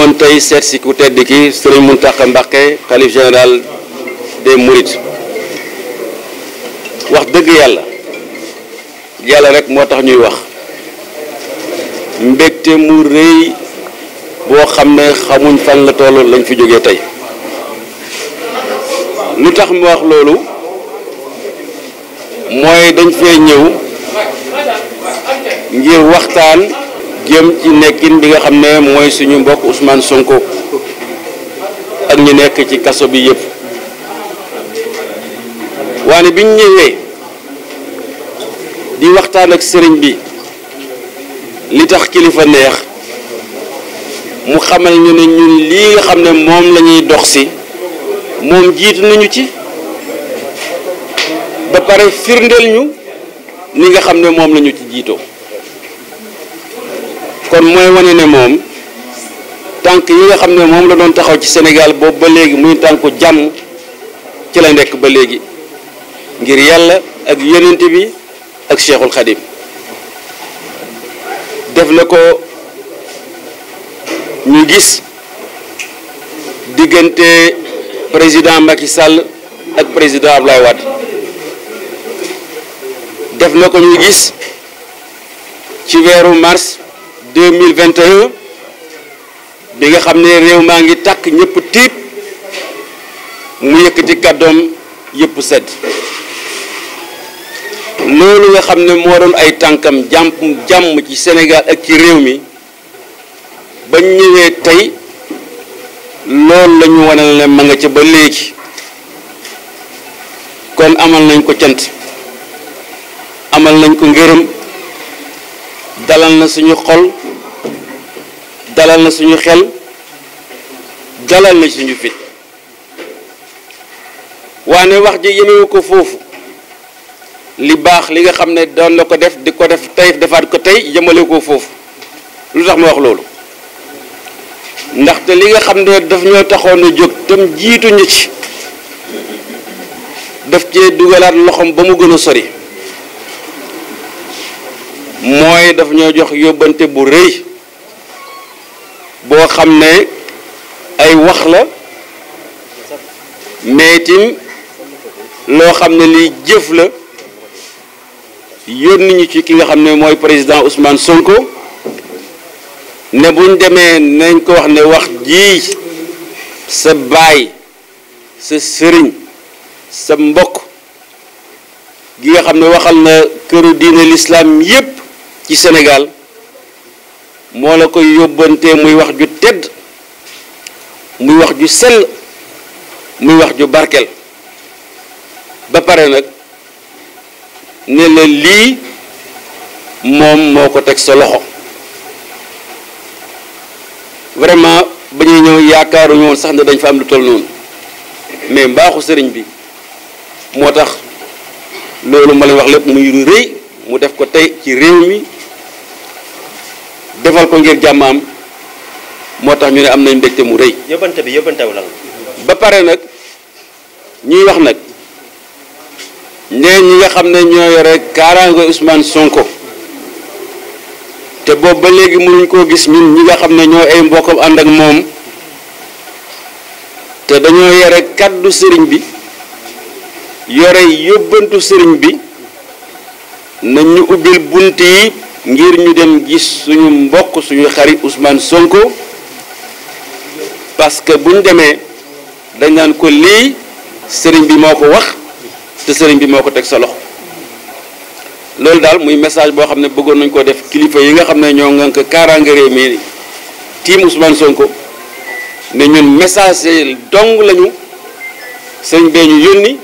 ñëwoon tey seet si ku tedd ki mun Mountakha Mbacké xalif général des Mourides wax dëgg yàlla yàlla rek moo tax ñuy wax mbégte mu rëy boo xam ne xamuñ fan la toll lañ fi jógee tey lu tax mu wax loolu mooy dañ fee ñëw ngir waxtaan. jëm ci nekkin bi nga xam ne mooy suñu mbokk usmaan Sonko ak ñu nekk ci kaso bi yëpp waane biñ ñëwee di waxtaan ak sëriñ bi li tax kilifa neex mu xamal ñu ne ñun lii nga xam ne moom lañuy dox si moom jiitu nañu ci ba pare firndeel ñu ni nga xam ne moom lañu ci jiitoo kon mooy wane ne moom tànk yi nga xam ne moom la doon taxaw ci senegal boobu ba léegi muy tànku jàmm ci la nekk ba léegi ngir yàlla ak yonent bi ak Cheikhul Khadim def na ko ñu gis diggante président Macky sàll ak président Abdoulaye Wade def na ko ñu gis ci weeru mars deux mille vingt un bi nga xam ne réew maa ngi takk ñëpp tiit mu yëkk ci kàddoom yëpp sedd loolu nga xam ne moo doon ay tànkam jàmm jàmm ci Sénégal ak ci réew mi bañ ñëwee tey loolu la ñu wane ne ma nga ca ba léegi kon amal nañ ko cant amal nañ ko ngërëm dalal na suñu xol dalal na suñu xel dalal na suñu fit waane wax ji yemewu ko foofu li baax li nga xam ne doon na ko def di ko def tey defaat ko tey yemale ko foofu lu tax ma wax loolu ndaxte li nga xam ne daf ñoo taxoon a jóg tam jiituñu ñu ci daf cee dugalaat loxoom ba mu gën a sori mooy dafa ñoo jox yóbbante bu rëy boo xam ne ay wax la mais itam loo xam ne lii jëf la yónni ñu ci ki nga xam ne mooy président Ousmane Sonko ne buñ demee nañ ko wax ne wax jii sa baay sa sëriñ sa mbokk gi nga xam ne waxal na këru diine l'islam yépp ci Sénégal moo la koy yóbbante muy wax ju tedd muy wax ju sell muy wax ju barkel ba pare nag ne la lii moom moo ko teg sa loxo vraiment ba ñuy ñëw yaakaaruñu woon sax ne dañ fa am lu toll noonu mais mbaaxu sëriñ bi moo tax loolu ma leen wax lépp muy lu rëy mu def ko tey ci réew mi defal ko ngir jàmmaam moo tax ñu ne am nañ mbégte mu rëy. yóbbante bi yóbbantewu la ba pare nag ñuy wax nag ndeen ñi nga xam ne ñoo yore kaaraange Ousmane Sonko te boobu ba léegi mënuñ koo gis ñun ñi nga xam ne ñoo ay mbokkam ànd ak moom te dañoo yore kàddu sëriñ bi yore yóbbantu sëriñ bi nañ ñu bunt yi. ngir ñu dem gis suñu mbokk suñu xarit Ousmane Sonko parce que buñ demee dañ naan ko lii sëriñ bi moo ko wax te sëriñ bi moo ko teg sa loxo loolu daal muy message boo xam ne bëggoon nañ ko def kilifa yi nga xam ne ñoo ngànk kaaraange réew mi tiim Ousmane Sonko ne ñun message dong lañu sëriñ bee ñu yónni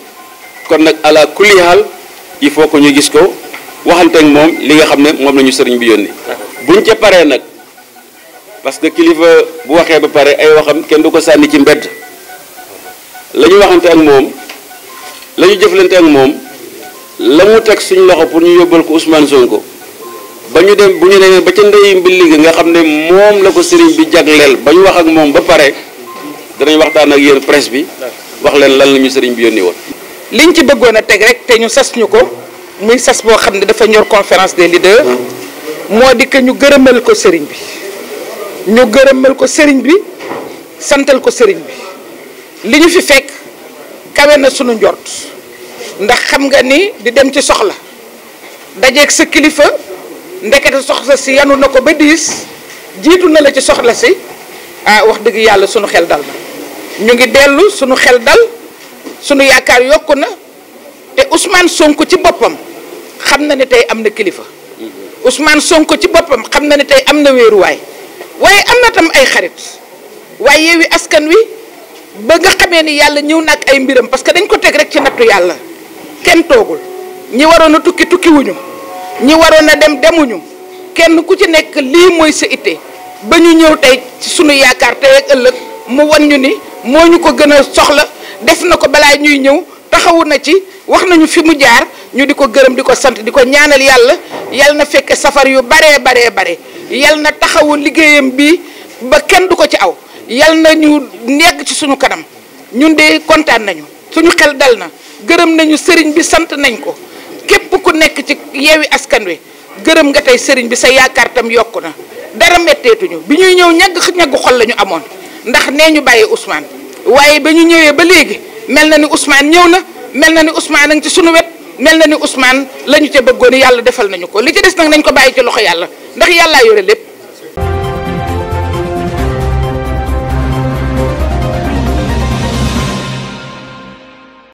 kon nag ala il faut que ñu gis ko waxante ak moom li nga xam ne moom la ñu sëriñ bi yónni ñu ca paree nag parce que kilifa bu waxee ba pare ay waxam kenn du ko sànni ci mbedd la ñu waxante ak moom la ñu jëflante ak moom la mu teg suñ loxo pour ñu yóbbal ko son ko ba ñu dem bu ñu demee ba ca ndey mbilli gi nga xam ne moom la ko sëriñ bi jagleel ba ñu wax ak moom ba pare danañ waxtaan ak yéen presse bi wax leen lan la ñu sëriñ bi yónni woon. liñ ci bëggoon a teg rek te ñu sas ñu ko. muy sas boo xam ne dafa ñor conférence des leaders hmm. moo di que ñu gërëmal ko sëriñ bi ñu gërëmal ko sëriñ bi santal ko sëriñ bi li ñu fi fekk kawe na sunu njort ndax xam nga ni di dem ci soxla dajeeg sa kilifa ndekete soxla si yanu na ko ba diis jiitu na la ci soxla si ah wax dëgg yàlla sunu xel dal na ñu ngi dellu sunu xel dal sunu yaakaar yokk na Ousmane Sonko ci boppam xam na ne tey am na kilifa Ousmane Sonko ci boppam xam na ne tey am na wéeruwaay waaye am na tam ay xarit waaye Yewwi Askan Wi ba nga xamee ni yàlla ñëw na ay mbiram parce que dañ ko teg rek ci nattu yàlla kenn toogul ñi waroon a tukki tukkiwuñu ñi waroon a dem demuñu kenn ku ci nekk lii mooy sa itte ba ñu ñëw tey ci sunu yaakaar tey ëllëg mu wan ñu ni moo ñu ko gën a soxla def na ko balaa ñuy ñëw. taxawu na ci wax nañu fi mu jaar ñu di ko gërëm di ko sant di ko ñaanal yàlla yal na fekk safar yu baree baree bare yal na taxawu liggéeyam bi ba kenn du ko ci aw yal na ñu nekk ci suñu kanam ñun de kontaan nañu suñu xel dal na gërëm nañu sëriñ bi sant nañ ko képp ku nekk ci yeewi askan wi gërëm nga tey sëriñ bi sa yaakaar tam yokk na dara metteetuñu bi ñuy ñëw ñagg ñagg xol la ñu amoon ndax nee ñu bàyyi Ousmane waaye ba ñu ñëwee ba léegi mel na ni Ousmane ñëw na mel na ni Ousmane a ci sunu wet mel na ni Ousmane la ñu ca bëggoon yàlla defal nañu ko li ci des nag nañ ko bàyyi ci loxo yàlla ndax yàllaa yore lépp.